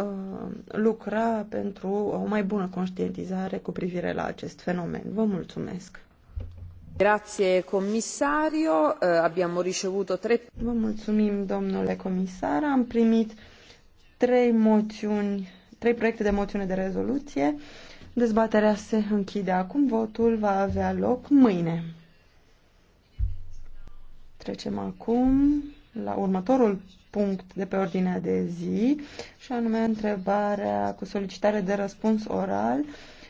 Uh, lucra pentru o mai bună conștientizare cu privire la acest fenomen. Vă mulțumesc! Grazie uh, abbiamo ricevuto tre... Vă mulțumim, domnule comisar. Am primit trei moțiuni, trei proiecte de moțiune de rezoluție. Dezbaterea se închide acum. Votul va avea loc mâine. Trecem acum la următorul punct de pe ordinea de zi, și anume întrebarea cu solicitare de răspuns oral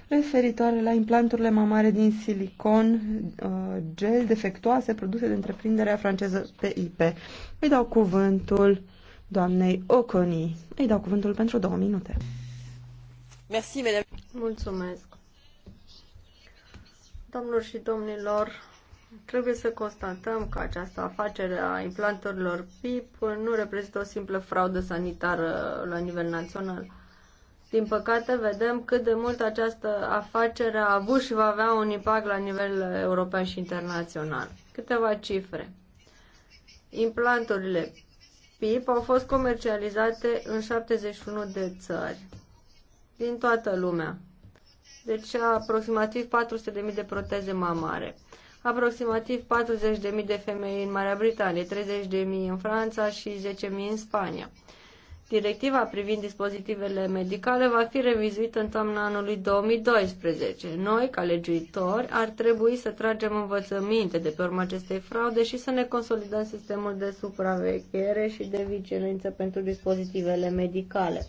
referitoare la implanturile mamare din silicon uh, gel defectuoase produse de întreprinderea franceză PIP. Îi dau cuvântul doamnei Oconi. Îi dau cuvântul pentru două minute. Mulțumesc. Domnilor și domnilor, Trebuie să constatăm că această afacere a implanturilor PIP nu reprezintă o simplă fraudă sanitară la nivel național. Din păcate, vedem cât de mult această afacere a avut și va avea un impact la nivel european și internațional. Câteva cifre. Implanturile PIP au fost comercializate în 71 de țări din toată lumea. Deci aproximativ 400.000 de proteze mamare aproximativ 40.000 de femei în Marea Britanie, 30.000 în Franța și 10.000 în Spania. Directiva privind dispozitivele medicale va fi revizuită în toamna anului 2012. Noi, ca legiuitori, ar trebui să tragem învățăminte de pe urma acestei fraude și să ne consolidăm sistemul de supraveghere și de vigilență pentru dispozitivele medicale.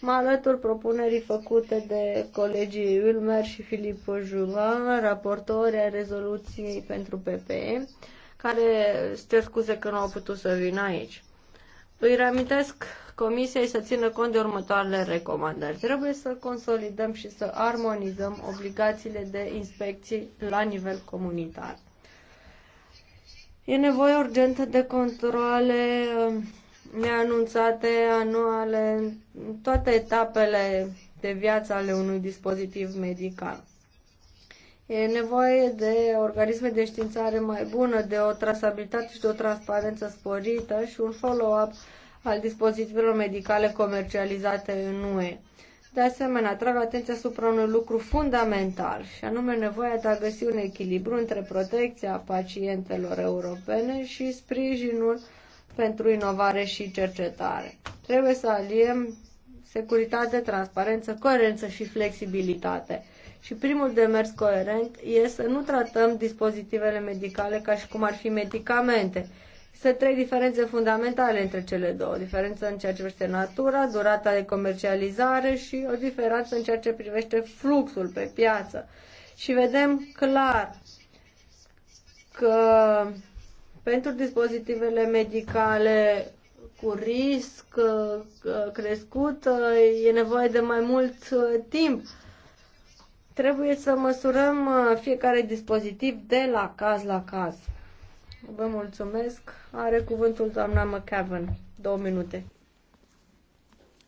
Mă alătur propunerii făcute de colegii Ulmer și Filip Juvan, raportori a rezoluției pentru PPE, care se scuze că nu au putut să vină aici. Îi reamintesc Comisiei să țină cont de următoarele recomandări. Trebuie să consolidăm și să armonizăm obligațiile de inspecții la nivel comunitar. E nevoie urgentă de controle neanunțate anuale în toate etapele de viață ale unui dispozitiv medical. E nevoie de organisme de științare mai bună, de o trasabilitate și de o transparență sporită și un follow-up al dispozitivelor medicale comercializate în UE. De asemenea, atrag atenția asupra unui lucru fundamental, și anume nevoia de a găsi un echilibru între protecția pacientelor europene și sprijinul pentru inovare și cercetare. Trebuie să aliem securitate, transparență, coerență și flexibilitate. Și primul demers coerent este să nu tratăm dispozitivele medicale ca și cum ar fi medicamente. Sunt trei diferențe fundamentale între cele două. Diferență în ceea ce privește natura, durata de comercializare și o diferență în ceea ce privește fluxul pe piață. Și vedem clar că pentru dispozitivele medicale cu risc uh, crescut uh, e nevoie de mai mult uh, timp. Trebuie să măsurăm fiecare dispozitiv de la caz la caz. Vă mulțumesc. Are cuvântul doamna McCavan. Două minute.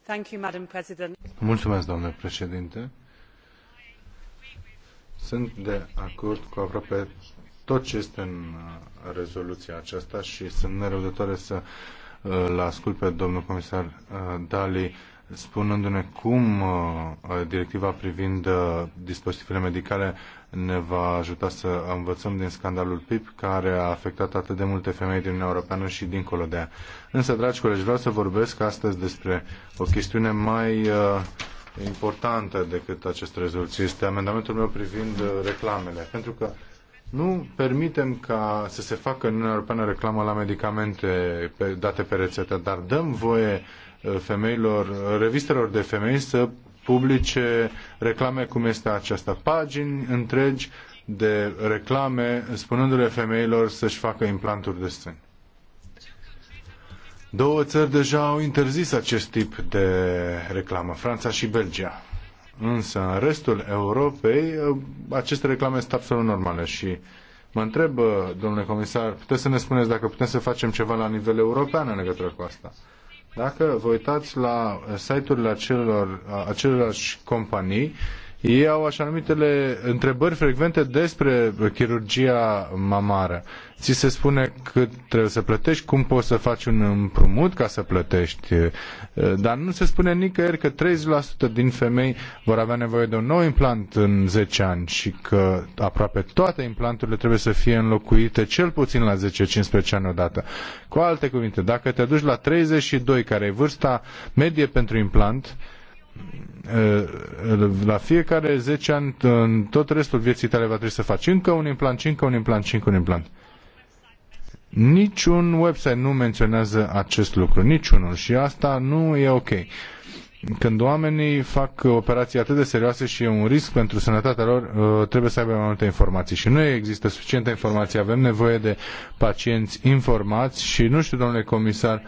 Thank you, Madam President. Mulțumesc, doamnă președinte. Sunt de acord cu aproape tot ce este în uh, rezoluția aceasta și sunt nerăbdătoare să îl uh, ascult pe domnul comisar uh, Dali spunându-ne cum directiva privind dispozitivele medicale ne va ajuta să învățăm din scandalul PIP care a afectat atât de multe femei din Uniunea Europeană și dincolo de ea. Însă, dragi colegi, vreau să vorbesc astăzi despre o chestiune mai importantă decât această rezoluție. Este amendamentul meu privind reclamele. Pentru că nu permitem ca să se facă în Uniunea Europeană reclamă la medicamente date pe rețetă, dar dăm voie uh, femeilor, revistelor de femei să publice reclame cum este aceasta, pagini întregi de reclame spunându-le femeilor să-și facă implanturi de sân. Două țări deja au interzis acest tip de reclamă, Franța și Belgia. Însă, în restul Europei, aceste reclame sunt absolut normale și mă întreb, domnule comisar, puteți să ne spuneți dacă putem să facem ceva la nivel european în legătură cu asta? Dacă vă uitați la site-urile acelor, acelorlași companii, uh, ei au așa numitele întrebări frecvente despre chirurgia mamară. Ți se spune cât trebuie să plătești, cum poți să faci un împrumut ca să plătești, eh, dar nu se spune nicăieri că 30% din femei vor avea nevoie de un nou implant în 10 ani și că aproape toate implanturile trebuie să fie înlocuite cel puțin la 10-15 ani odată. Cu alte cuvinte, dacă te duci la 32, care e vârsta medie pentru implant, la fiecare 10 ani, în tot restul vieții tale va trebui să faci încă un implant, încă un implant, încă un implant. Niciun website nu menționează acest lucru, niciunul. Și asta nu e ok. Când oamenii fac operații atât de serioase și e un risc pentru sănătatea lor, uh, trebuie să aibă mai multe informații. Și nu există suficientă informație. Avem nevoie de pacienți informați și nu știu, domnule comisar,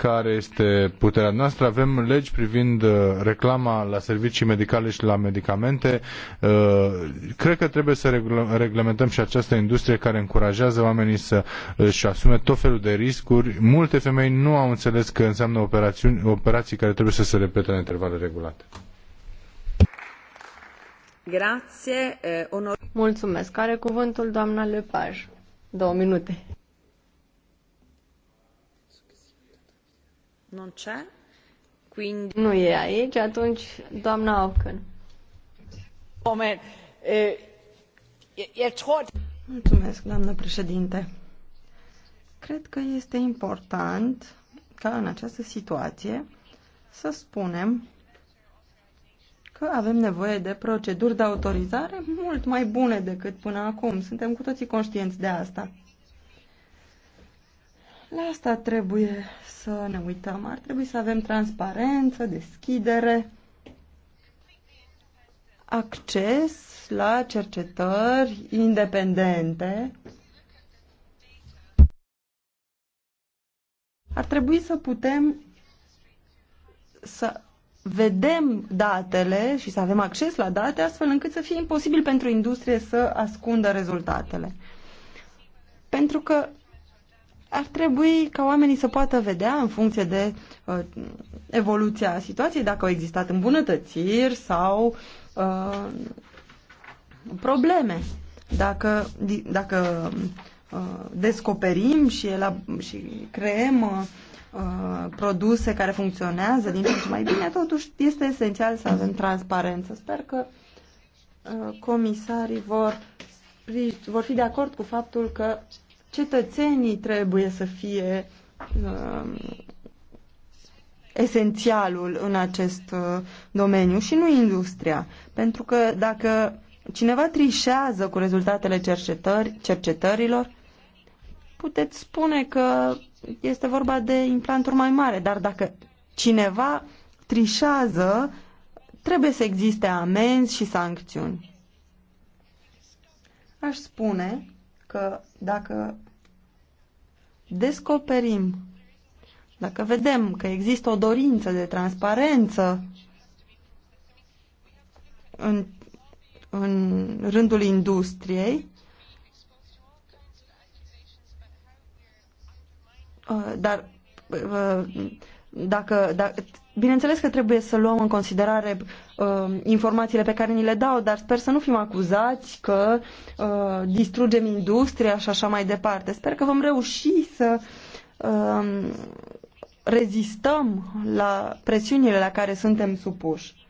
care este puterea noastră. Avem legi privind uh, reclama la servicii medicale și la medicamente. Uh, cred că trebuie să reglementăm și această industrie care încurajează oamenii să își uh, asume tot felul de riscuri. Multe femei nu au înțeles că înseamnă operațiuni, operații care trebuie să se repete la intervale regulate. Mulțumesc. Are cuvântul doamna Lepaj. Două minute. Non c'è? Quindi... Nu e aici, atunci doamna Auken. Øh, Mulțumesc, doamnă președinte. Cred că este important ca în această situație să spunem că avem nevoie de proceduri de autorizare mult mai bune decât până acum. Suntem cu toții conștienți de asta. La asta trebuie să ne uităm. Ar trebui să avem transparență, deschidere, acces la cercetări independente. Ar trebui să putem să vedem datele și să avem acces la date astfel încât să fie imposibil pentru industrie să ascundă rezultatele. Pentru că ar trebui ca oamenii să poată vedea în funcție de uh, evoluția situației dacă au existat îmbunătățiri sau uh, probleme. Dacă, dacă uh, descoperim și, elab- și creăm uh, produse care funcționează din ce în ce mai bine, totuși este esențial să avem transparență. Sper că uh, comisarii vor, vor fi de acord cu faptul că cetățenii trebuie să fie uh, esențialul în acest uh, domeniu și nu industria. Pentru că dacă cineva trișează cu rezultatele cercetări, cercetărilor, puteți spune că este vorba de implanturi mai mare, dar dacă cineva trișează, trebuie să existe amenzi și sancțiuni. Aș spune că dacă descoperim, dacă vedem că există o dorință de transparență în, în rândul industriei, uh, dar uh, dacă, dacă Bineînțeles că trebuie să luăm în considerare uh, informațiile pe care ni le dau, dar sper să nu fim acuzați că uh, distrugem industria și așa mai departe. Sper că vom reuși să uh, rezistăm la presiunile la care suntem supuși.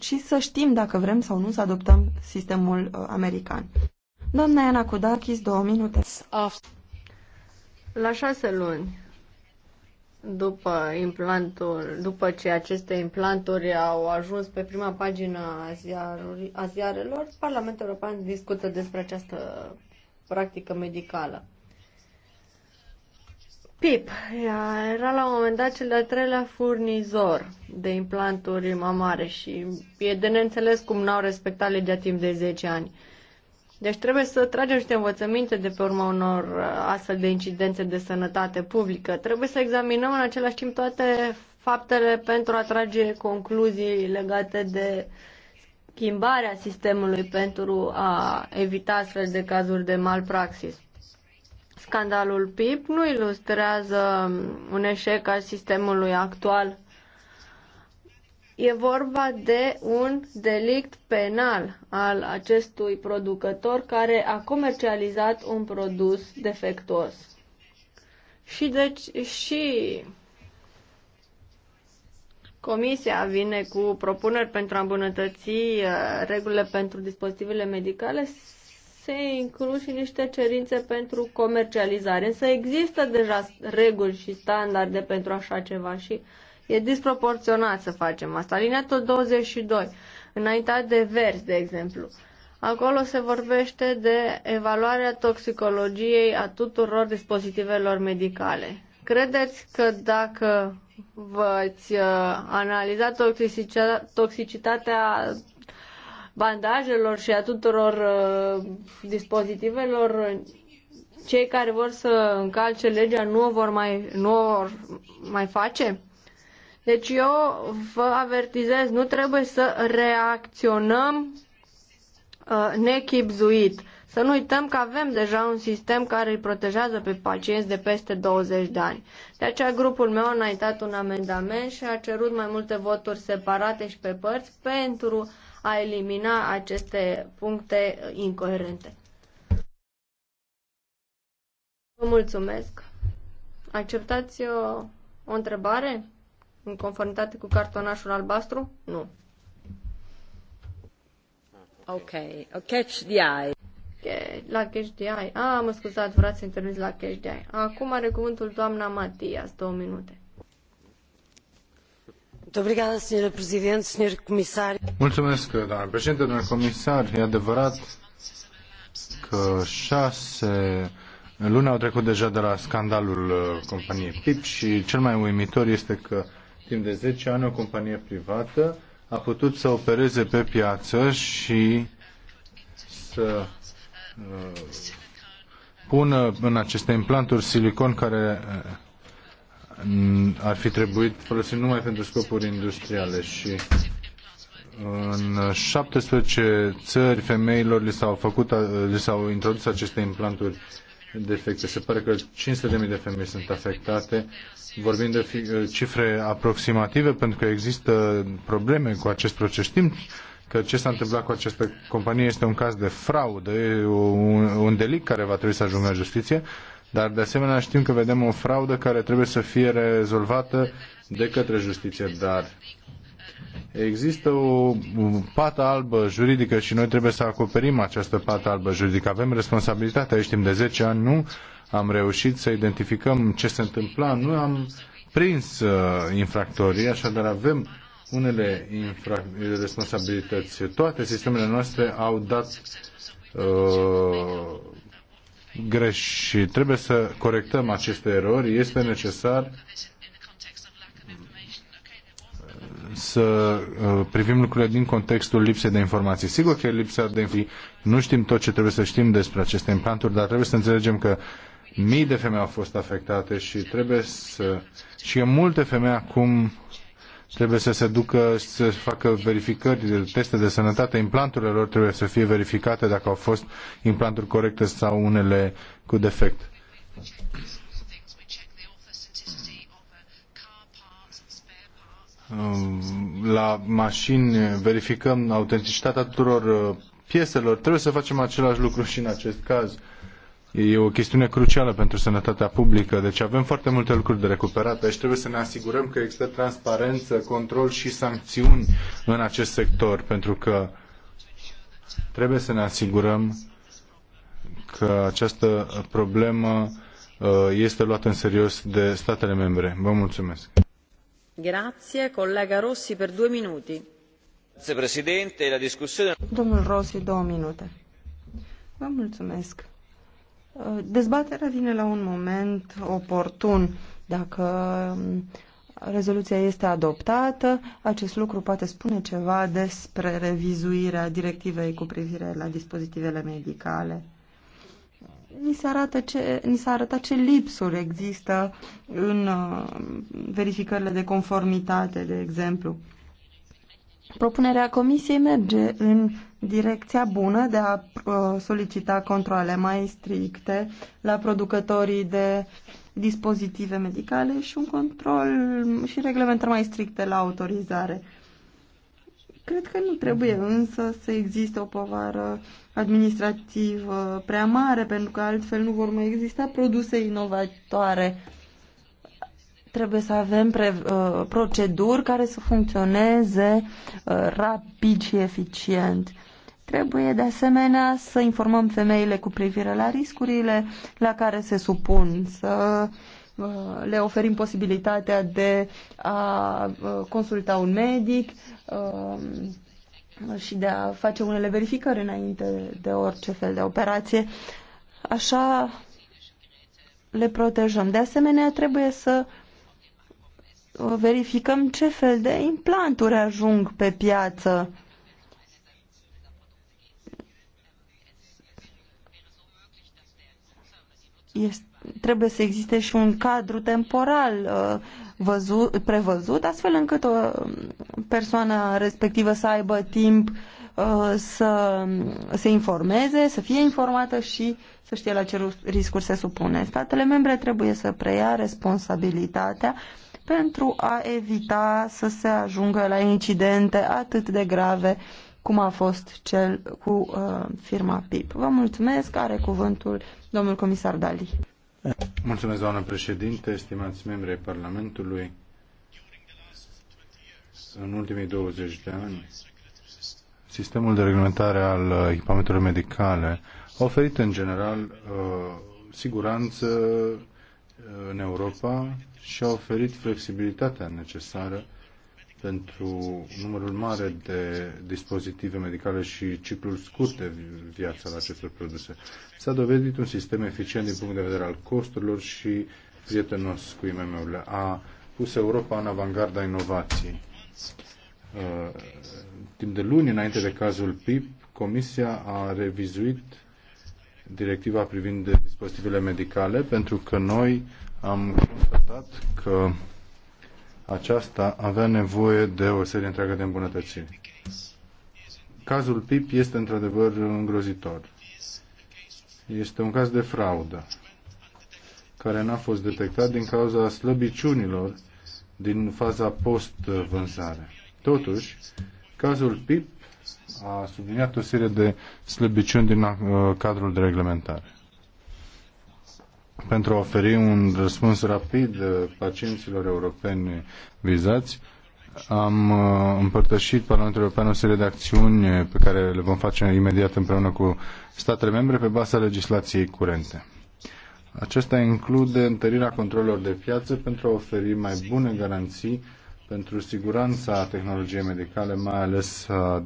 Și să știm dacă vrem sau nu să adoptăm sistemul uh, american. Doamna Iana Kudakis, două minute. La șase luni după implantul, după ce aceste implanturi au ajuns pe prima pagină a ziarelor, Parlamentul European discută despre această practică medicală. PIP era la un moment dat cel de-al treilea furnizor de implanturi mamare și e de neînțeles cum n-au respectat legea timp de 10 ani. Deci trebuie să tragem niște învățăminte de pe urma unor uh, astfel de incidențe de sănătate publică. Trebuie să examinăm în același timp toate faptele pentru a trage concluzii legate de schimbarea sistemului pentru a evita astfel de cazuri de malpraxis. Scandalul PIP nu ilustrează um, un eșec al sistemului actual E vorba de un delict penal al acestui producător care a comercializat un produs defectuos. Și deci și Comisia vine cu propuneri pentru a îmbunătăți uh, regulile pentru dispozitivele medicale, se includ și niște cerințe pentru comercializare. Însă există deja reguli și standarde pentru așa ceva și E disproporționat să facem asta. Alineatul 22, înaintat de verzi, de exemplu. Acolo se vorbește de evaluarea toxicologiei a tuturor dispozitivelor medicale. Credeți că dacă v-ați uh, analiza toxicitatea bandajelor și a tuturor uh, dispozitivelor, cei care vor să încalce legea nu o vor mai, nu o vor mai face? Deci eu vă avertizez, nu trebuie să reacționăm uh, nechipzuit. Să nu uităm că avem deja un sistem care îi protejează pe pacienți de peste 20 de ani. De aceea grupul meu a înaintat un amendament și a cerut mai multe voturi separate și pe părți pentru a elimina aceste puncte incoerente. Vă mulțumesc. Acceptați o, o întrebare? în conformitate cu cartonașul albastru? Nu. Ah, ok, catch the eye. La catch the eye. Ah, mă scuzați, vreați să interviți la catch the eye. Acum are cuvântul doamna Matias, două minute. Mulțumesc, doamna președinte, doamna comisar. E adevărat că șase luni au trecut deja de la scandalul uh, companiei PIP și cel mai uimitor este că timp de 10 ani o companie privată a putut să opereze pe piață și să uh, pună în aceste implanturi silicon care uh, ar fi trebuit folosit numai pentru scopuri industriale și în 17 țări femeilor li s-au făcut, li s-au introdus aceste implanturi defecte. Se pare că 500.000 de femei sunt afectate. Vorbim de cifre aproximative pentru că există probleme cu acest proces. Știm că ce s-a întâmplat cu această companie este un caz de fraudă, un, un delict care va trebui să ajungă la justiție, dar de asemenea știm că vedem o fraudă care trebuie să fie rezolvată de către justiție, dar Există o pată albă juridică și noi trebuie să acoperim această pată albă juridică. Avem responsabilitatea aici timp de 10 ani, nu am reușit să identificăm ce se întâmpla, nu am prins uh, infractorii, așadar avem unele infra- responsabilități. Toate sistemele noastre au dat uh, greș și trebuie să corectăm aceste erori. Este necesar să uh, privim lucrurile din contextul lipsei de informații. Sigur că e lipsa de informații. Nu știm tot ce trebuie să știm despre aceste implanturi, dar trebuie să înțelegem că mii de femei au fost afectate și trebuie să... Și e multe femei acum trebuie să se ducă să facă verificări, teste de sănătate, implanturile lor trebuie să fie verificate dacă au fost implanturi corecte sau unele cu defect. la mașini verificăm autenticitatea tuturor uh, pieselor, trebuie să facem același lucru și în acest caz. E o chestiune crucială pentru sănătatea publică, deci avem foarte multe lucruri de recuperat, deci trebuie să ne asigurăm că există transparență, control și sancțiuni în acest sector, pentru că trebuie să ne asigurăm că această problemă uh, este luată în serios de statele membre. Vă mulțumesc! Rossi, două minute. Vă mulțumesc. Uh, dezbaterea vine la un moment oportun. Dacă um, rezoluția este adoptată, acest lucru poate spune ceva despre revizuirea directivei cu privire la dispozitivele medicale ni se arată ce, ni se arăta ce lipsuri există în uh, verificările de conformitate, de exemplu. Propunerea Comisiei merge în direcția bună de a uh, solicita controle mai stricte la producătorii de dispozitive medicale și un control și reglementări mai stricte la autorizare. Cred că nu trebuie însă să existe o povară administrativă prea mare, pentru că altfel nu vor mai exista produse inovatoare. Trebuie să avem pre, uh, proceduri care să funcționeze uh, rapid și eficient. Trebuie de asemenea să informăm femeile cu privire la riscurile la care se supun, să uh, le oferim posibilitatea de a uh, consulta un medic uh, și de a face unele verificări înainte de orice fel de operație. Așa le protejăm. De asemenea, trebuie să uh, verificăm ce fel de implanturi ajung pe piață. Este trebuie să existe și un cadru temporal uh, văzut, prevăzut, astfel încât o persoană respectivă să aibă timp uh, să se informeze, să fie informată și să știe la ce riscuri se supune. Statele membre trebuie să preia responsabilitatea pentru a evita să se ajungă la incidente atât de grave cum a fost cel cu uh, firma PIP. Vă mulțumesc, are cuvântul domnul comisar Dali. Mulțumesc, doamnă președinte, stimați membri ai Parlamentului. În ultimii 20 de ani, sistemul de reglementare al echipamentelor medicale a oferit în general uh, siguranță uh, în Europa și a oferit flexibilitatea necesară pentru numărul mare de dispozitive medicale și ciclul scurt de viață al acestor produse. S-a dovedit un sistem eficient din punct de vedere al costurilor și prietenos cu IMM-urile. A pus Europa în avangarda inovației. Uh, timp de luni, înainte de cazul PIP, Comisia a revizuit directiva privind dispozitivele medicale pentru că noi am constatat că aceasta avea nevoie de o serie întreagă de îmbunătățiri. Cazul PIP este într-adevăr îngrozitor. Este un caz de fraudă care n-a fost detectat din cauza slăbiciunilor din faza post-vânzare. Totuși, cazul PIP a subliniat o serie de slăbiciuni din uh, cadrul de reglementare pentru a oferi un răspuns rapid pacienților europeni vizați. Am uh, împărtășit Parlamentul European o serie de acțiuni pe care le vom face imediat împreună cu statele membre pe baza legislației curente. Acesta include întărirea controlelor de piață pentru a oferi mai bune garanții pentru siguranța tehnologiei medicale, mai ales a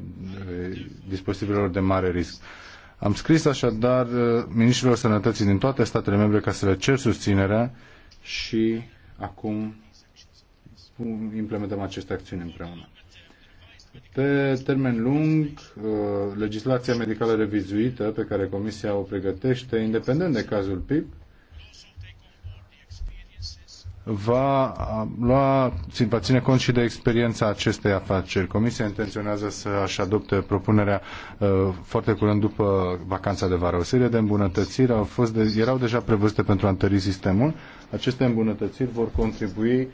dispozitivelor de mare risc. Am scris așadar uh, ministrilor sănătății din toate statele membre ca să le cer susținerea și acum implementăm aceste acțiuni împreună. Pe termen lung, uh, legislația medicală revizuită pe care Comisia o pregătește, independent de cazul PIP, va lua, va ține cont și de experiența acestei afaceri. Comisia intenționează să-și adopte propunerea uh, foarte curând după vacanța de vară. O serie de îmbunătățiri au fost de, erau deja prevăzute pentru a întări sistemul. Aceste îmbunătățiri vor contribui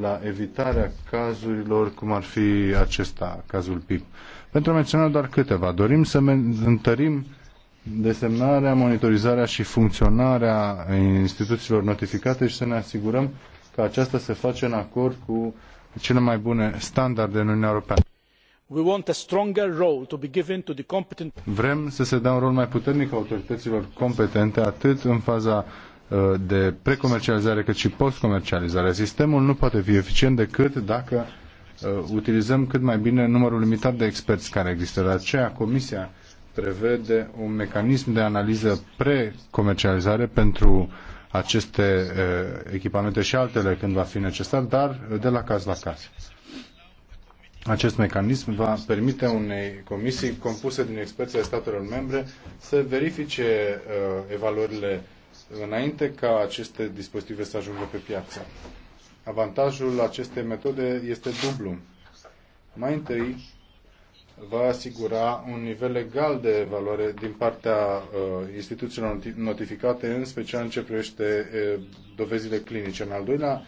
la evitarea cazurilor cum ar fi acesta, cazul PIP. Pentru a menționa doar câteva, dorim să întărim desemnarea, monitorizarea și funcționarea instituțiilor notificate și să ne asigurăm că aceasta se face în acord cu cele mai bune standarde în Uniunea Europeană. Vrem să se dea un rol mai puternic autorităților competente, atât în faza uh, de precomercializare cât și postcomercializare. Sistemul nu poate fi eficient decât dacă uh, utilizăm cât mai bine numărul limitat de experți care există. De aceea Comisia prevede un mecanism de analiză pre-comercializare pentru aceste echipamente și altele când va fi necesar, dar de la caz la caz. Acest mecanism va permite unei comisii compuse din experți ai statelor membre să verifice uh, evaluările înainte ca aceste dispozitive să ajungă pe piață. Avantajul acestei metode este dublu. Mai întâi, va asigura un nivel egal de evaluare din partea uh, instituțiilor notificate, în special în ce privește uh, dovezile clinice. În al doilea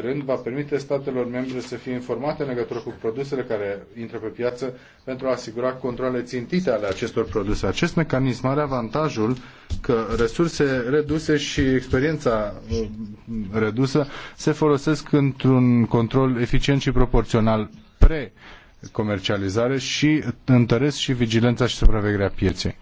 rând, va permite statelor membre să fie informate în legătură cu produsele care intră pe piață pentru a asigura controle țintite ale acestor produse. Acest mecanism are avantajul că resurse reduse și experiența uh, redusă se folosesc într-un control eficient și proporțional pre- comercializare și întăresc și vigilența și supravegherea pieței.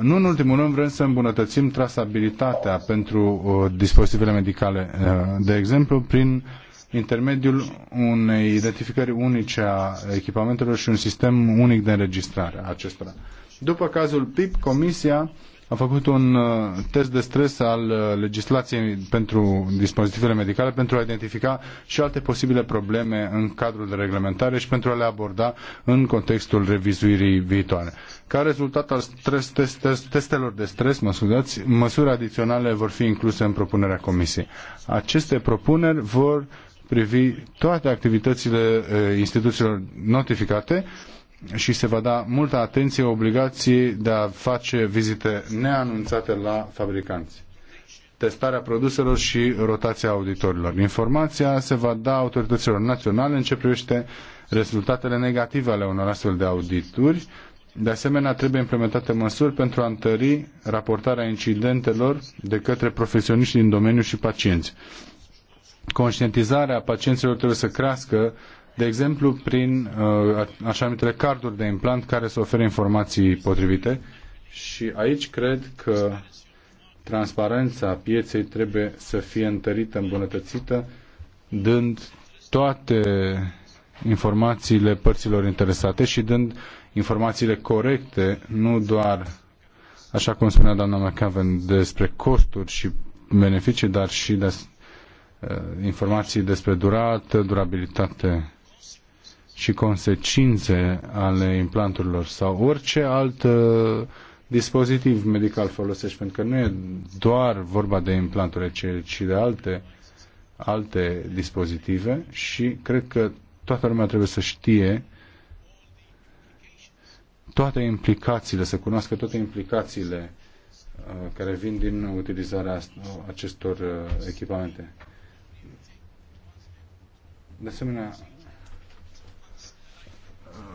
Nu în ultimul rând vrem să îmbunătățim trasabilitatea pentru uh, dispozitivele medicale, uh, de exemplu, prin intermediul unei identificări unice a echipamentelor și un sistem unic de înregistrare a acestora. După cazul PIP, Comisia a făcut un uh, test de stres al uh, legislației pentru dispozitivele medicale pentru a identifica și alte posibile probleme în cadrul de reglementare și pentru a le aborda în contextul revizuirii viitoare. Ca rezultat al stres, test, test, testelor de stres, mă scuzați, măsuri adiționale vor fi incluse în propunerea Comisiei. Aceste propuneri vor privi toate activitățile uh, instituțiilor notificate și se va da multă atenție obligației de a face vizite neanunțate la fabricanți testarea produselor și rotația auditorilor. Informația se va da autorităților naționale în ce privește rezultatele negative ale unor astfel de audituri. De asemenea, trebuie implementate măsuri pentru a întări raportarea incidentelor de către profesioniști din domeniu și pacienți. Conștientizarea pacienților trebuie să crească de exemplu prin uh, așa numitele carduri de implant care să ofere informații potrivite și aici cred că transparența pieței trebuie să fie întărită, îmbunătățită, dând toate informațiile părților interesate și dând informațiile corecte, nu doar, așa cum spunea doamna McAven, despre costuri și beneficii, dar și de, uh, informații despre durată, durabilitate și consecințe ale implanturilor sau orice alt uh, dispozitiv medical folosești, pentru că nu e doar vorba de implanturi, ci, ci de alte, alte dispozitive și cred că toată lumea trebuie să știe toate implicațiile, să cunoască toate implicațiile uh, care vin din utilizarea acestor uh, echipamente. De asemenea,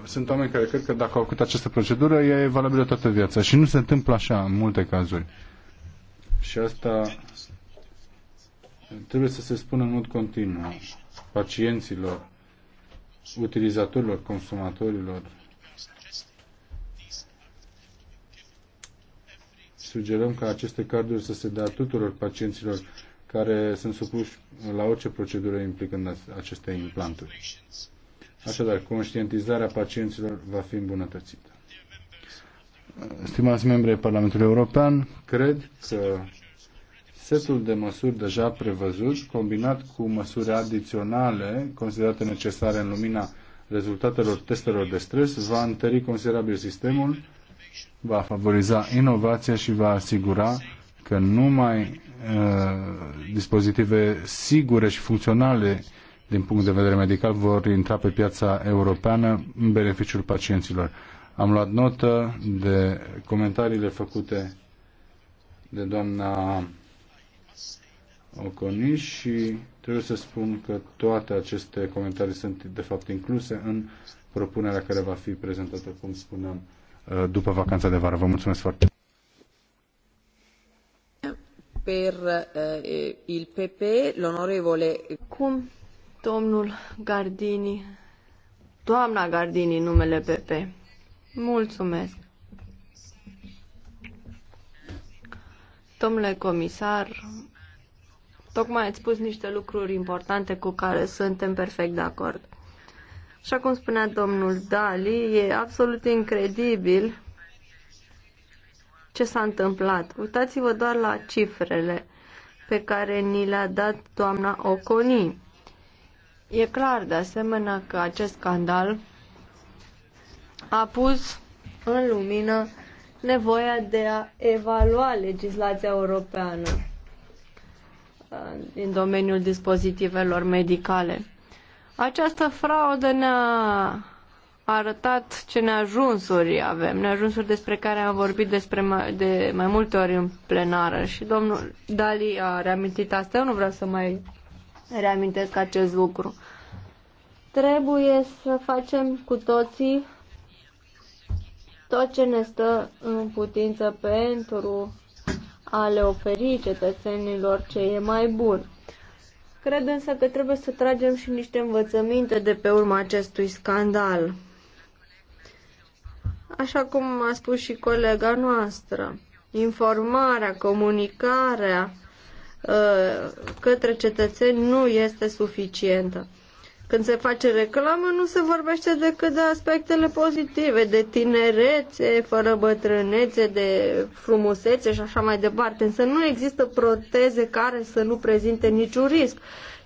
sunt oameni care cred că dacă au făcut această procedură e valabilă toată viața și nu se întâmplă așa în multe cazuri. Și asta trebuie să se spună în mod continuu pacienților, utilizatorilor, consumatorilor. Sugerăm ca aceste carduri să se dea tuturor pacienților care sunt supuși la orice procedură implicând aceste implanturi. Așadar, conștientizarea pacienților va fi îmbunătățită. Stimați membri ai Parlamentului European, cred că setul de măsuri deja prevăzut, combinat cu măsuri adiționale considerate necesare în lumina rezultatelor testelor de stres, va întări considerabil sistemul, va favoriza inovația și va asigura că numai uh, dispozitive sigure și funcționale din punct de vedere medical vor intra pe piața europeană în beneficiul pacienților. Am luat notă de comentariile făcute de doamna Oconi și trebuie să spun că toate aceste comentarii sunt de fapt incluse în propunerea care va fi prezentată, cum spuneam, uh, după vacanța de vară. Vă mulțumesc foarte mult! Per uh, il PP, l'onorevole Cum Domnul Gardini, doamna Gardini, numele PP. Mulțumesc. Domnule comisar, tocmai ați spus niște lucruri importante cu care suntem perfect de acord. Așa cum spunea domnul Dali, e absolut incredibil ce s-a întâmplat. Uitați-vă doar la cifrele pe care ni le-a dat doamna Oconi. E clar, de asemenea, că acest scandal a pus în lumină nevoia de a evalua legislația europeană uh, în domeniul dispozitivelor medicale. Această fraudă ne-a arătat ce neajunsuri avem, neajunsuri despre care am vorbit despre mai, de mai multe ori în plenară și domnul Dali a reamintit asta, eu nu vreau să mai reamintesc acest lucru. Trebuie să facem cu toții tot ce ne stă în putință pentru a le oferi cetățenilor ce e mai bun. Cred însă că trebuie să tragem și niște învățăminte de pe urma acestui scandal. Așa cum a spus și colega noastră, informarea, comunicarea Uh, către cetățeni nu este suficientă. Când se face reclamă, nu se vorbește decât de aspectele pozitive, de tinerețe, fără bătrânețe, de frumusețe și așa mai departe. Însă nu există proteze care să nu prezinte niciun risc.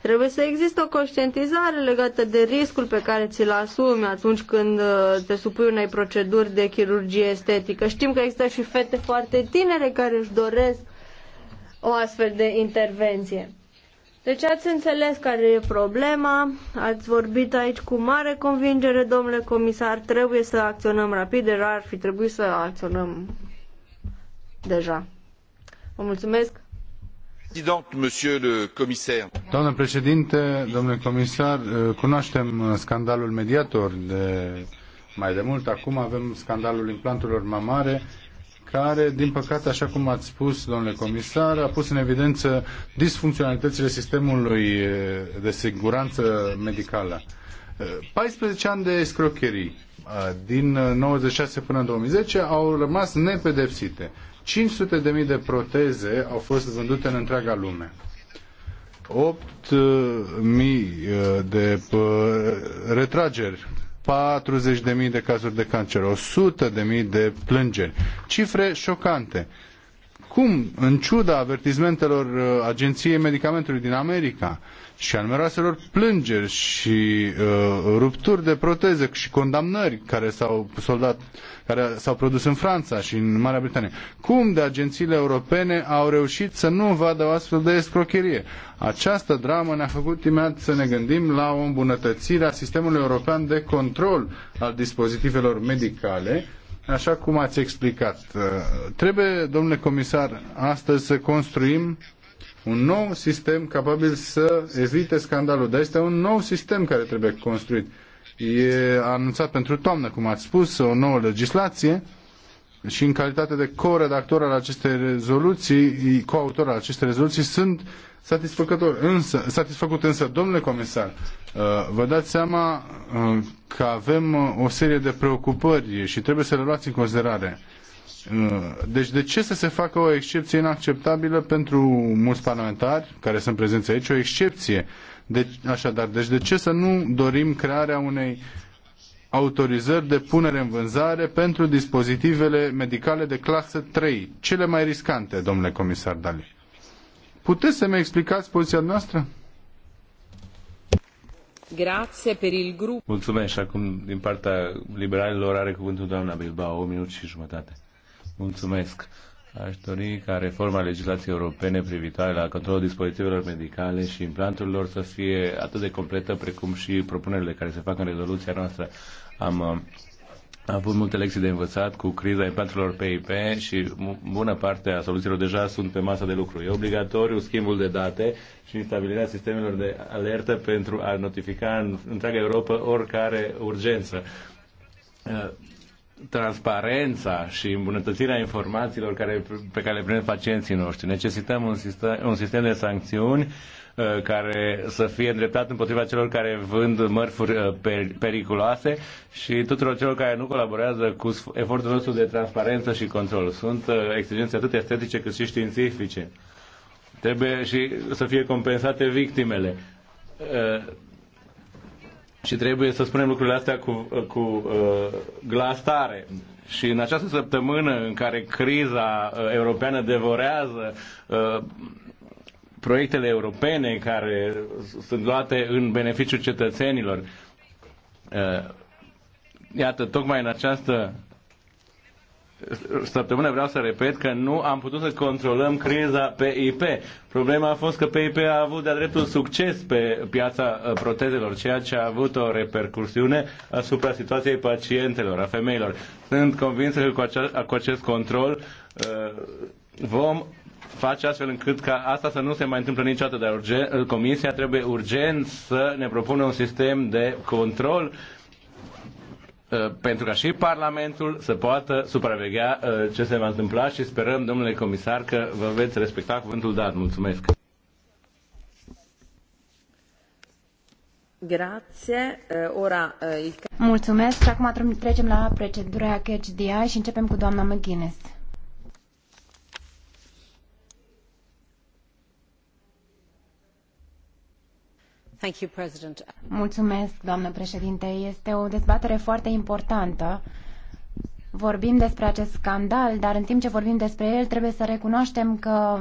Trebuie să existe o conștientizare legată de riscul pe care ți-l asumi atunci când uh, te supui unei proceduri de chirurgie estetică. Știm că există și fete foarte tinere care își doresc uh, o astfel de intervenție. Deci ați înțeles care e problema, ați vorbit aici cu mare convingere, domnule comisar, trebuie să acționăm rapid, deja ar fi trebuit să acționăm deja. Vă mulțumesc! Doamnă președinte, domnule comisar, cunoaștem scandalul mediator de mai de mult. Acum avem scandalul implanturilor mamare care, din păcate, așa cum ați spus, domnule comisar, a pus în evidență disfuncționalitățile sistemului eh, de siguranță medicală. 14 eh, ani de scrocherii eh, din 96 până în 2010 au rămas nepedepsite. 500.000 de, de proteze au fost vândute în întreaga lume. 8.000 de retrageri 40.000 de cazuri de cancer, 100.000 de plângeri. Cifre șocante acum, în ciuda avertizmentelor uh, Agenției Medicamentului din America și a numeroaselor plângeri și uh, rupturi de proteze și condamnări care s-au soldat, care s-au produs în Franța și în Marea Britanie, cum de agențiile europene au reușit să nu vadă o astfel de escrocherie? Această dramă ne-a făcut imediat să ne gândim la o îmbunătățire a sistemului european de control al dispozitivelor medicale așa cum ați explicat. Uh, trebuie, domnule comisar, astăzi să construim un nou sistem capabil să evite scandalul. Dar este un nou sistem care trebuie construit. E anunțat pentru toamnă, cum ați spus, o nouă legislație și în calitate de co-redactor al acestei rezoluții, co-autor al acestei rezoluții, sunt satisfăcător. Însă, satisfăcut însă, domnule comisar, Uh, vă dați seama uh, că avem uh, o serie de preocupări și trebuie să le luați în considerare. Deci de ce să se facă o excepție inacceptabilă pentru mulți parlamentari care sunt prezenți aici, o excepție? Deci, așadar, deci de ce să nu dorim crearea unei autorizări de punere în vânzare pentru dispozitivele medicale de clasă 3, cele mai riscante, domnule comisar Dali? Puteți să-mi explicați poziția noastră? Grazie per il grup. Mulțumesc și acum din partea liberalilor are cuvântul doamna Bilbao, o minut și jumătate. Mulțumesc. Aș dori ca reforma legislației europene privitoare la controlul dispozitivelor medicale și implanturilor să fie atât de completă precum și propunerile care se fac în rezoluția noastră. Am uh, a avut multe lecții de învățat cu criza impactelor PIP și bună parte a soluțiilor deja sunt pe masa de lucru. E obligatoriu schimbul de date și stabilirea sistemelor de alertă pentru a notifica în întreaga Europa oricare urgență. Uh, transparența și îmbunătățirea informațiilor care, pe care le primim pacienții noștri. Necesităm un sistem, un sistem de sancțiuni uh, Uh, care să fie îndreptat împotriva celor care vând mărfuri uh, periculoase și tuturor celor care nu colaborează cu efortul nostru de transparență și control. Sunt uh, exigențe atât estetice cât și științifice. Trebuie și să fie compensate victimele. Și trebuie să spunem lucrurile astea cu, cu glas tare. Și în această săptămână în care criza europeană devorează proiectele europene care sunt luate în beneficiul cetățenilor. Uh, iată, tocmai în această săptămână vreau să repet că nu am putut să controlăm criza PIP. Problema a fost că PIP a avut de-a dreptul succes pe piața uh, protezelor, ceea ce a avut o repercursiune asupra situației pacientelor, a femeilor. Sunt convins că cu, cu acest control uh, vom face astfel încât ca asta să nu se mai întâmple niciodată, dar urgen, Comisia trebuie urgent să ne propună un sistem de control uh, pentru ca și Parlamentul să poată supraveghea uh, ce se va întâmpla și sperăm, domnule comisar, că vă veți respecta cuvântul dat. Mulțumesc! Grazie. Uh, ora, Mulțumesc. Acum trecem la procedura catch și începem cu doamna McGuinness. Mulțumesc, președinte. Este o dezbatere foarte importantă. Vorbim despre acest scandal, dar în timp ce vorbim despre el, trebuie să recunoaștem că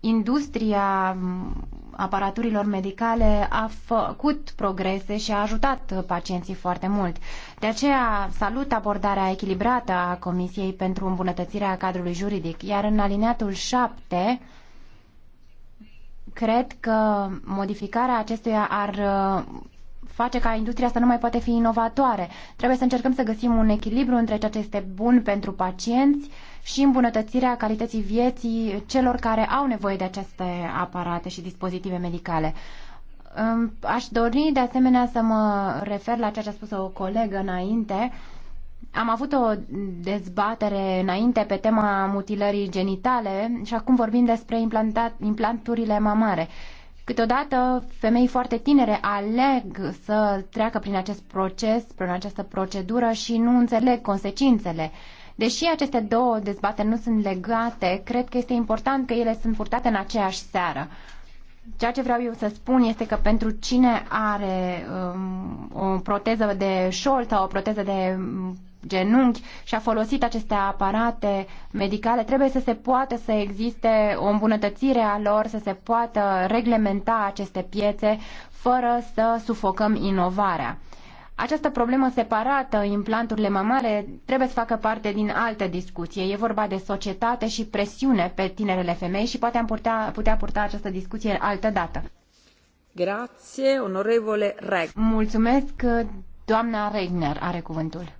industria aparaturilor medicale a făcut progrese și a ajutat pacienții foarte mult. De aceea salut abordarea echilibrată a Comisiei pentru îmbunătățirea cadrului juridic, iar în alineatul 7 Cred că modificarea acestuia ar uh, face ca industria să nu mai poate fi inovatoare. Trebuie să încercăm să găsim un echilibru între ceea ce este bun pentru pacienți și îmbunătățirea calității vieții celor care au nevoie de aceste aparate și dispozitive medicale. Aș dori de asemenea să mă refer la ceea ce a spus o colegă înainte, am avut o dezbatere înainte pe tema mutilării genitale și acum vorbim despre implanturile mamare. Câteodată femei foarte tinere aleg să treacă prin acest proces, prin această procedură și nu înțeleg consecințele. Deși aceste două dezbateri nu sunt legate, cred că este important că ele sunt purtate în aceeași seară. Ceea ce vreau eu să spun este că pentru cine are um, o proteză de șold sau o proteză de genunchi și a folosit aceste aparate medicale, trebuie să se poată să existe o îmbunătățire a lor, să se poată reglementa aceste piețe fără să sufocăm inovarea. Această problemă separată, implanturile mamare, trebuie să facă parte din altă discuție. E vorba de societate și presiune pe tinerele femei și poate am putea, putea purta această discuție altă dată. Grație, onorevole Reg. Mulțumesc, doamna Regner are cuvântul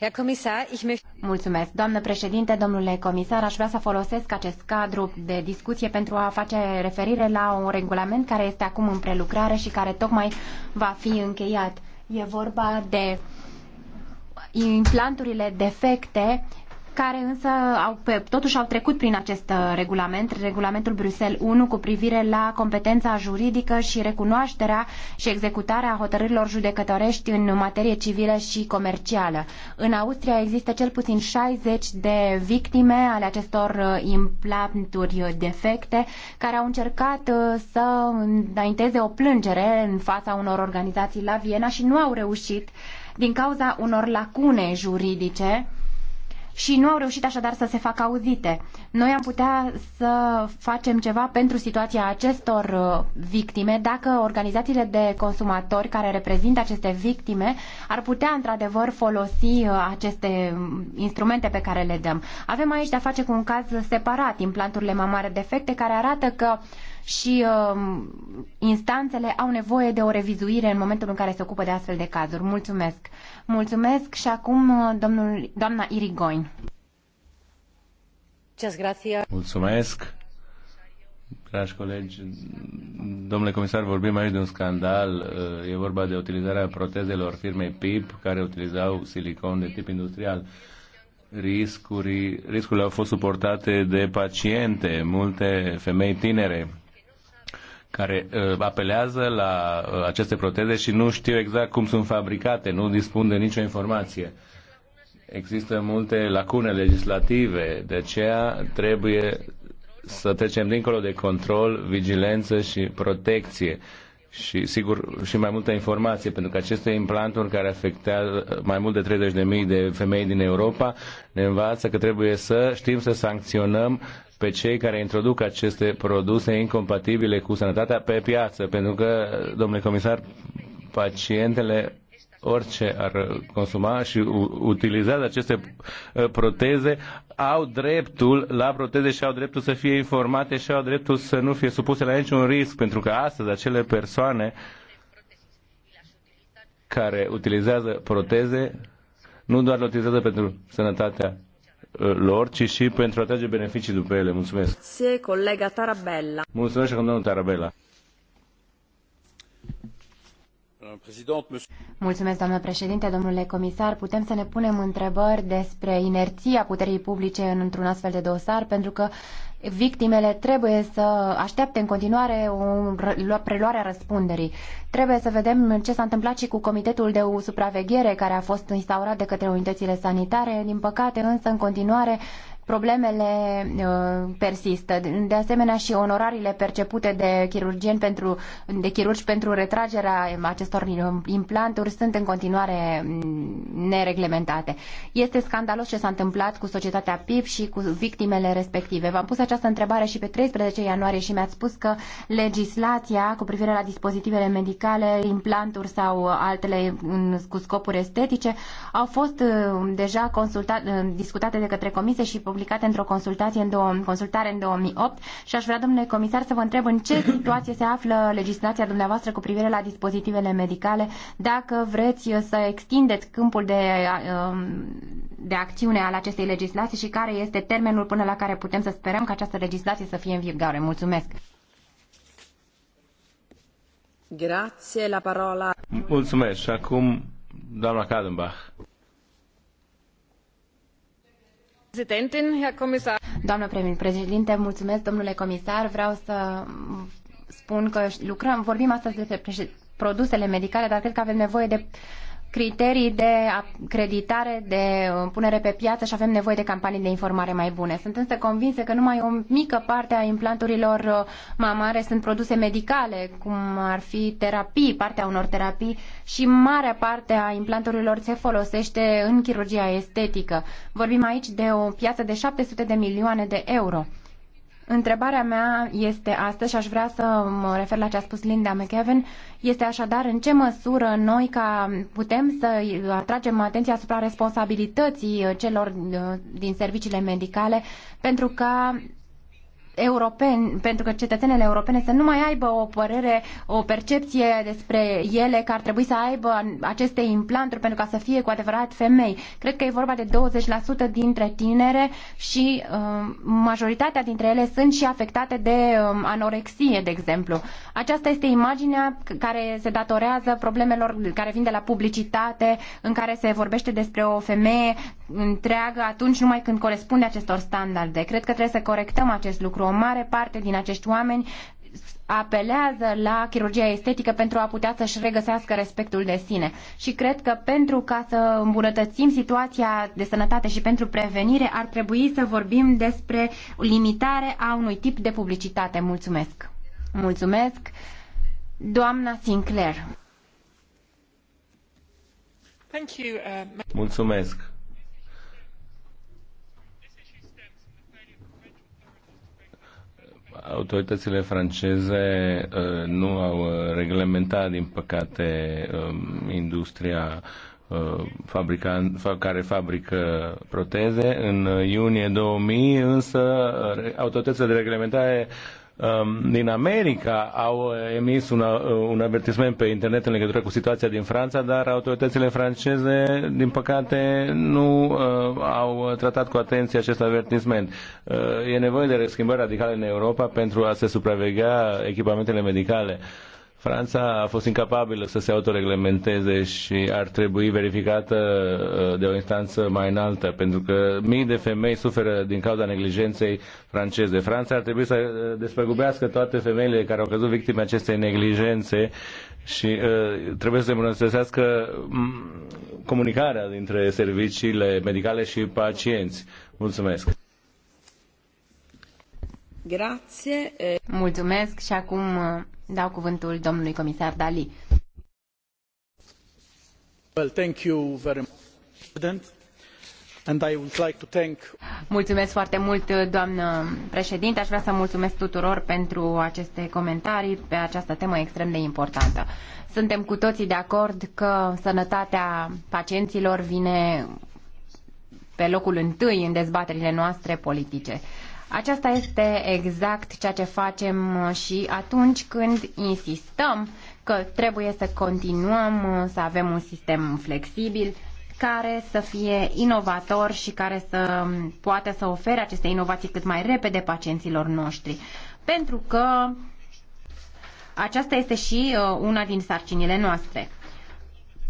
a președinte, domnule comisar, vrea să folosesc acest cadru de discuție pentru a face referire la un regulament care este acum în prelucrare și care tocmai va fi încheiat. E vorba de implanturile defecte care însă au, pe, totuși au trecut prin acest uh, regulament, regulamentul Bruxelles 1 cu privire la competența juridică și recunoașterea și executarea hotărârilor judecătorești în materie civilă și comercială. În Austria există cel puțin 60 de victime ale acestor uh, implanturi defecte care au încercat uh, să înainteze o plângere în fața unor organizații la Viena și nu au reușit din cauza unor lacune juridice și nu au reușit așadar să se facă auzite. Noi am putea să facem ceva pentru situația acestor uh, victime dacă organizațiile de consumatori care reprezintă aceste victime ar putea într-adevăr folosi uh, aceste um, instrumente pe care le dăm. Avem aici de-a face cu un caz separat, implanturile mamare defecte, care arată că și um, instanțele au nevoie de o revizuire în momentul în care se ocupă de astfel de cazuri. Mulțumesc! Mulțumesc și acum uh, domnul, doamna Irigoin. Mulțumesc! Dragi colegi, domnule comisar, vorbim aici de un scandal. Uh, e vorba de utilizarea protezelor firmei PIP, care utilizau silicon de tip industrial. Riscuri, riscurile au fost suportate de paciente, multe femei tinere care uh, apelează la uh, aceste proteze și nu știu exact cum sunt fabricate, nu dispun de nicio informație. Există multe lacune legislative, de aceea trebuie să trecem dincolo de control, vigilență și protecție și, sigur, și mai multă informație, pentru că aceste implanturi care afectează mai mult de 30.000 de femei din Europa ne învață că trebuie să știm să sancționăm pe cei care introduc aceste produse incompatibile cu sănătatea pe piață, pentru că, domnule comisar, pacientele orice ar consuma și utilizează aceste uh, proteze, au dreptul la proteze și au dreptul să fie informate și au dreptul să nu fie supuse la niciun risc, pentru că astăzi acele persoane care utilizează proteze nu doar le utilizează pentru sănătatea lor, ci și pentru a trage beneficii după ele. Mulțumesc. Se colega Tarabella. Mulțumesc și domnul Tarabella. Mulțumesc, doamnă președinte, domnule comisar. Putem să ne punem întrebări despre inerția puterii publice într-un astfel de dosar, pentru că Victimele trebuie să aștepte în continuare o preluare a răspunderii. Trebuie să vedem ce s-a întâmplat și cu Comitetul de Supraveghere care a fost instaurat de către unitățile sanitare. Din păcate, însă, în continuare, problemele uh, persistă. De asemenea și onorarile percepute de chirurgieni pentru, de chirurgi pentru retragerea acestor implanturi sunt în continuare mm, nereglementate. Este scandalos ce s-a întâmplat cu societatea PIP și cu victimele respective. V-am pus această întrebare și pe 13 ianuarie și mi-ați spus că legislația cu privire la dispozitivele medicale, implanturi sau altele cu scopuri estetice au fost uh, deja consultate, uh, discutate de către comisie și publicate într-o consultație în două, consultare în 2008 și aș vrea, domnule comisar, să vă întreb în ce situație se află legislația dumneavoastră cu privire la dispozitivele medicale, dacă vreți să extindeți câmpul de, um, de acțiune al acestei legislații și care este termenul până la care putem să sperăm că această legislație să fie în vigoare. Mulțumesc! Grazie, la parola. Mulțumesc. Și acum, doamna Kadenbach. Doamnă președinte, mulțumesc, domnule comisar. Vreau să spun că lucrăm, vorbim astăzi despre produsele medicale, dar cred că avem nevoie de criterii de acreditare, de uh, punere pe piață și avem nevoie de campanii de informare mai bune. Sunt însă convinsă că numai o mică parte a implanturilor uh, mamare sunt produse medicale, cum ar fi terapii, partea unor terapii și marea parte a implanturilor se folosește în chirurgia estetică. Vorbim aici de o piață de 700 de milioane de euro. Întrebarea mea este astăzi și aș vrea să mă refer la ce a spus Linda McKevin. Este așadar în ce măsură noi ca putem să atragem atenția asupra responsabilității celor uh, din serviciile medicale pentru ca europeni, pentru că cetățenele europene să nu mai aibă o părere, o percepție despre ele că ar trebui să aibă aceste implanturi pentru ca să fie cu adevărat femei. Cred că e vorba de 20% dintre tinere și um, majoritatea dintre ele sunt și afectate de um, anorexie, de exemplu. Aceasta este imaginea care se datorează problemelor care vin de la publicitate, în care se vorbește despre o femeie întreagă atunci numai când corespunde acestor standarde. Cred că trebuie să corectăm acest lucru. O mare parte din acești oameni apelează la chirurgia estetică pentru a putea să-și regăsească respectul de sine. Și cred că pentru ca să îmbunătățim situația de sănătate și pentru prevenire ar trebui să vorbim despre limitare a unui tip de publicitate. Mulțumesc! Mulțumesc! Doamna Sinclair. Uh, Mulțumesc! autoritățile franceze uh, nu au uh, reglementat, din păcate, um, industria uh, fabrican care fabrică proteze. În iunie 2000, însă, autoritățile de reglementare um, din America au uh, emis una, uh, un avertisment pe internet în legătură cu situația din Franța, dar autoritățile franceze, din păcate, nu uh, au tratat cu atenție acest avertisment. Uh, e nevoie de schimbări radicale în Europa pentru a se supraveghea echipamentele medicale. Uh, Franța a fost incapabilă să se autoreglementeze și ar trebui verificată uh, de o instanță mai înaltă, pentru că mii de femei suferă din cauza neglijenței franceze. Franța ar trebui să uh, despăgubească toate femeile care au căzut victime acestei neglijențe și uh, trebuie să îmbunătățească mm, comunicarea dintre serviciile medicale și pacienți. Mulțumesc! Mulțumesc și acum uh, dau cuvântul domnului comisar Dali. Well, thank you very much, President. And I would like to thank... Mulțumesc foarte mult, uh, doamnă președinte. Aș vrea să mulțumesc tuturor pentru aceste comentarii pe această temă extrem de importantă. Suntem cu toții de acord că sănătatea pacienților vine pe locul întâi în dezbaterile noastre politice. Aceasta este exact ceea ce facem uh, și atunci când insistăm că trebuie să continuăm uh, să avem un sistem flexibil care să fie inovator și care să um, poată să ofere aceste inovații cât mai repede pacienților noștri. Pentru că aceasta este și uh, una din sarcinile noastre.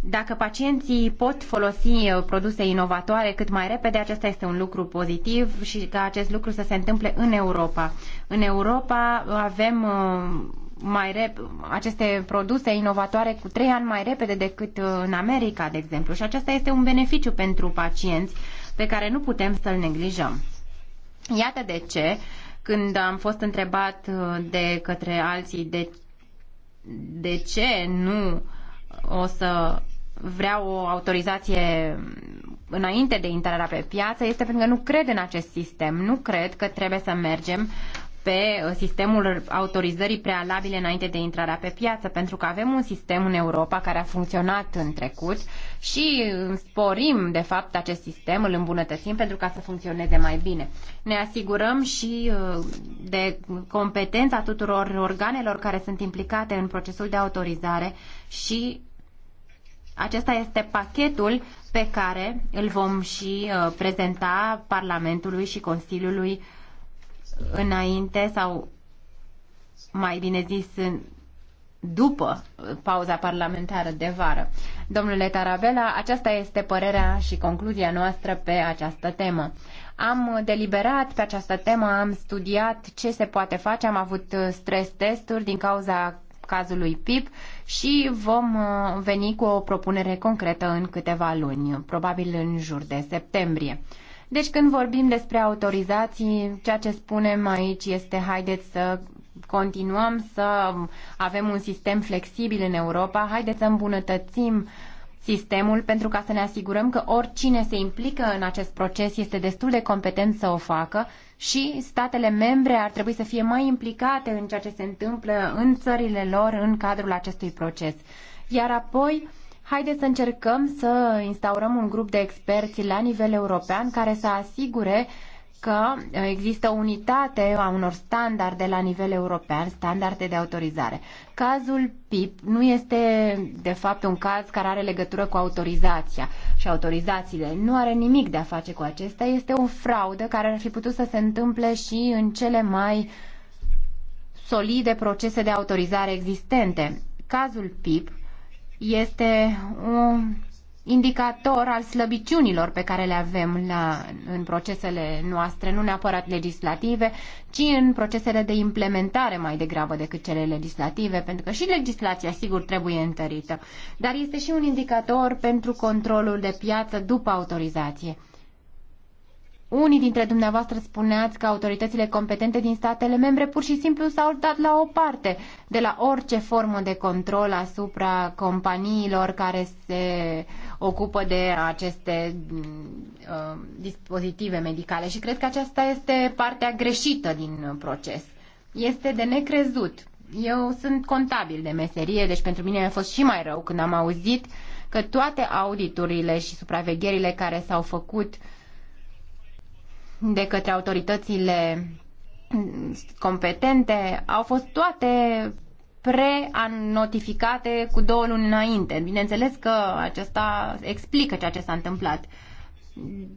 Dacă pacienții pot folosi uh, produse inovatoare cât mai repede, acesta este un lucru pozitiv și ca acest lucru să se întâmple în Europa. În Europa avem uh, mai rep- aceste produse inovatoare cu trei ani mai repede decât uh, în America, de exemplu. Și acesta este un beneficiu pentru pacienți pe care nu putem să-l neglijăm. Iată de ce, când am fost întrebat de către alții de, de ce nu o să vrea o autorizație înainte de intrarea pe piață este pentru că nu cred în acest sistem. Nu cred că trebuie să mergem pe uh, sistemul autorizării prealabile înainte de intrarea pe piață, pentru că avem un sistem în Europa care a funcționat în trecut și uh, sporim, de fapt, acest sistem, îl îmbunătățim pentru ca să funcționeze mai bine. Ne asigurăm și uh, de competența tuturor organelor care sunt implicate în procesul de autorizare și acesta este pachetul pe care îl vom și uh, prezenta Parlamentului și Consiliului înainte sau mai bine zis după uh, pauza parlamentară de vară. Domnule Tarabela, aceasta este părerea și concluzia noastră pe această temă. Am deliberat pe această temă, am studiat ce se poate face, am avut uh, stres testuri din cauza cazului PIP și vom uh, veni cu o propunere concretă în câteva luni, probabil în jur de septembrie. Deci când vorbim despre autorizații, ceea ce spunem aici este haideți să continuăm să avem un sistem flexibil în Europa, haideți să îmbunătățim sistemul pentru ca să ne asigurăm că oricine se implică în acest proces este destul de competent să o facă și statele membre ar trebui să fie mai implicate în ceea ce se întâmplă în țările lor în cadrul acestui proces. Iar apoi, haideți să încercăm să instaurăm un grup de experți la nivel european care să asigure uh, că există unitate a unor standarde la nivel european, standarde de autorizare. Cazul PIP nu este, de fapt, un caz care are legătură cu autorizația și autorizațiile. Nu are nimic de a face cu acesta. Este o fraudă care ar fi putut să se întâmple și în cele mai solide procese de autorizare existente. Cazul PIP este un indicator al slăbiciunilor pe care le avem la, în procesele noastre, nu neapărat legislative, ci în procesele de implementare mai degrabă decât cele legislative, pentru că și legislația, sigur, trebuie întărită, dar este și un indicator pentru controlul de piață după autorizație. Unii dintre dumneavoastră spuneați că autoritățile competente din statele membre pur și simplu s-au dat la o parte de la orice formă de control asupra companiilor care se ocupă de aceste mm, uh, dispozitive medicale și cred că aceasta este partea greșită din proces. Este de necrezut. Eu sunt contabil de meserie, deci pentru mine a fost și mai rău când am auzit că toate auditurile și supravegherile care s-au făcut uh, de către autoritățile competente au fost toate pre-notificate cu două luni înainte. Bineînțeles că acesta explică ceea ce s-a întâmplat.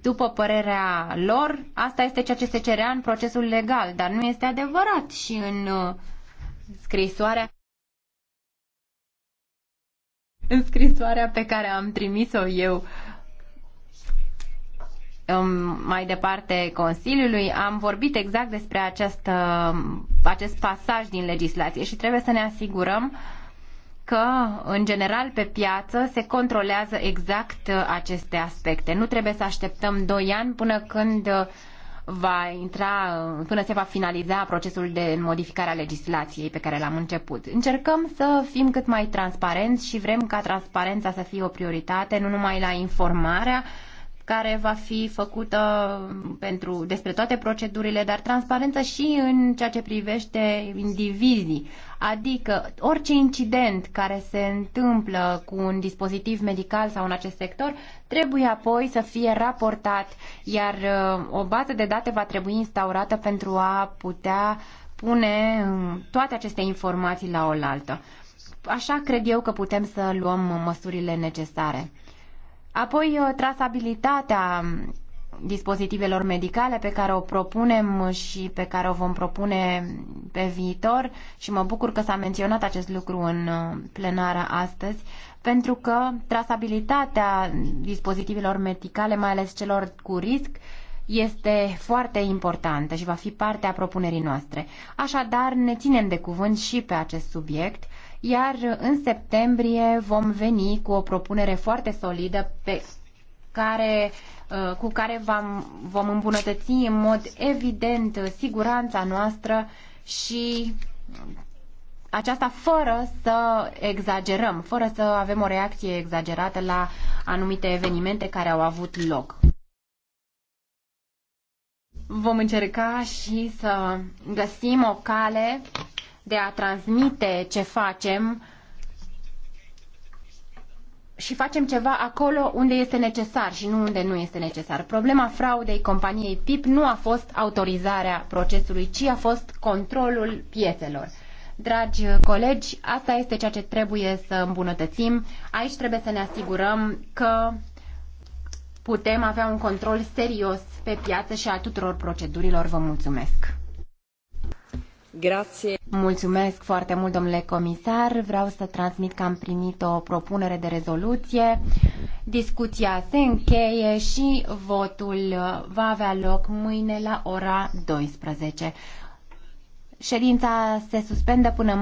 După părerea lor, asta este ceea ce se cerea în procesul legal, dar nu este adevărat și în uh, scrisoarea în scrisoarea pe care am trimis-o eu mai departe Consiliului, am vorbit exact despre acest, acest pasaj din legislație și trebuie să ne asigurăm că, în general, pe piață se controlează exact aceste aspecte. Nu trebuie să așteptăm 2 ani până când va intra, până se va finaliza procesul de modificare a legislației pe care l-am început. Încercăm să fim cât mai transparenți și vrem ca transparența să fie o prioritate, nu numai la informarea care va fi făcută pentru, despre toate procedurile, dar transparență și în ceea ce privește indivizii. Adică orice incident care se întâmplă cu un dispozitiv medical sau în acest sector trebuie apoi să fie raportat, iar uh, o bază de date va trebui instaurată pentru a putea pune um, toate aceste informații la oaltă. Așa cred eu că putem să luăm măsurile necesare. Apoi, uh, trasabilitatea um, dispozitivelor medicale pe care o propunem și pe care o vom propune pe viitor și mă bucur că s-a menționat acest lucru în uh, plenară astăzi, pentru că trasabilitatea dispozitivelor medicale, mai ales celor cu risc, este foarte importantă și va fi parte a propunerii noastre. Așadar, ne ținem de cuvânt și pe acest subiect iar în septembrie vom veni cu o propunere foarte solidă pe care, uh, cu care vom, vom îmbunătăți în mod evident uh, siguranța noastră și aceasta fără să exagerăm, fără să avem o reacție exagerată la anumite evenimente care au avut loc. Vom încerca și să găsim o cale de a transmite ce facem și facem ceva acolo unde este necesar și nu unde nu este necesar. Problema fraudei companiei PIP nu a fost autorizarea procesului, ci a fost controlul piețelor. Dragi colegi, asta este ceea ce trebuie să îmbunătățim. Aici trebuie să ne asigurăm că putem avea un control serios pe piață și a tuturor procedurilor. Vă mulțumesc! Grazie. Mulțumesc foarte mult, domnule comisar. Vreau să transmit că am primit o propunere de rezoluție. Discuția se încheie și votul uh, va avea loc mâine la ora 12. Ședința se suspendă până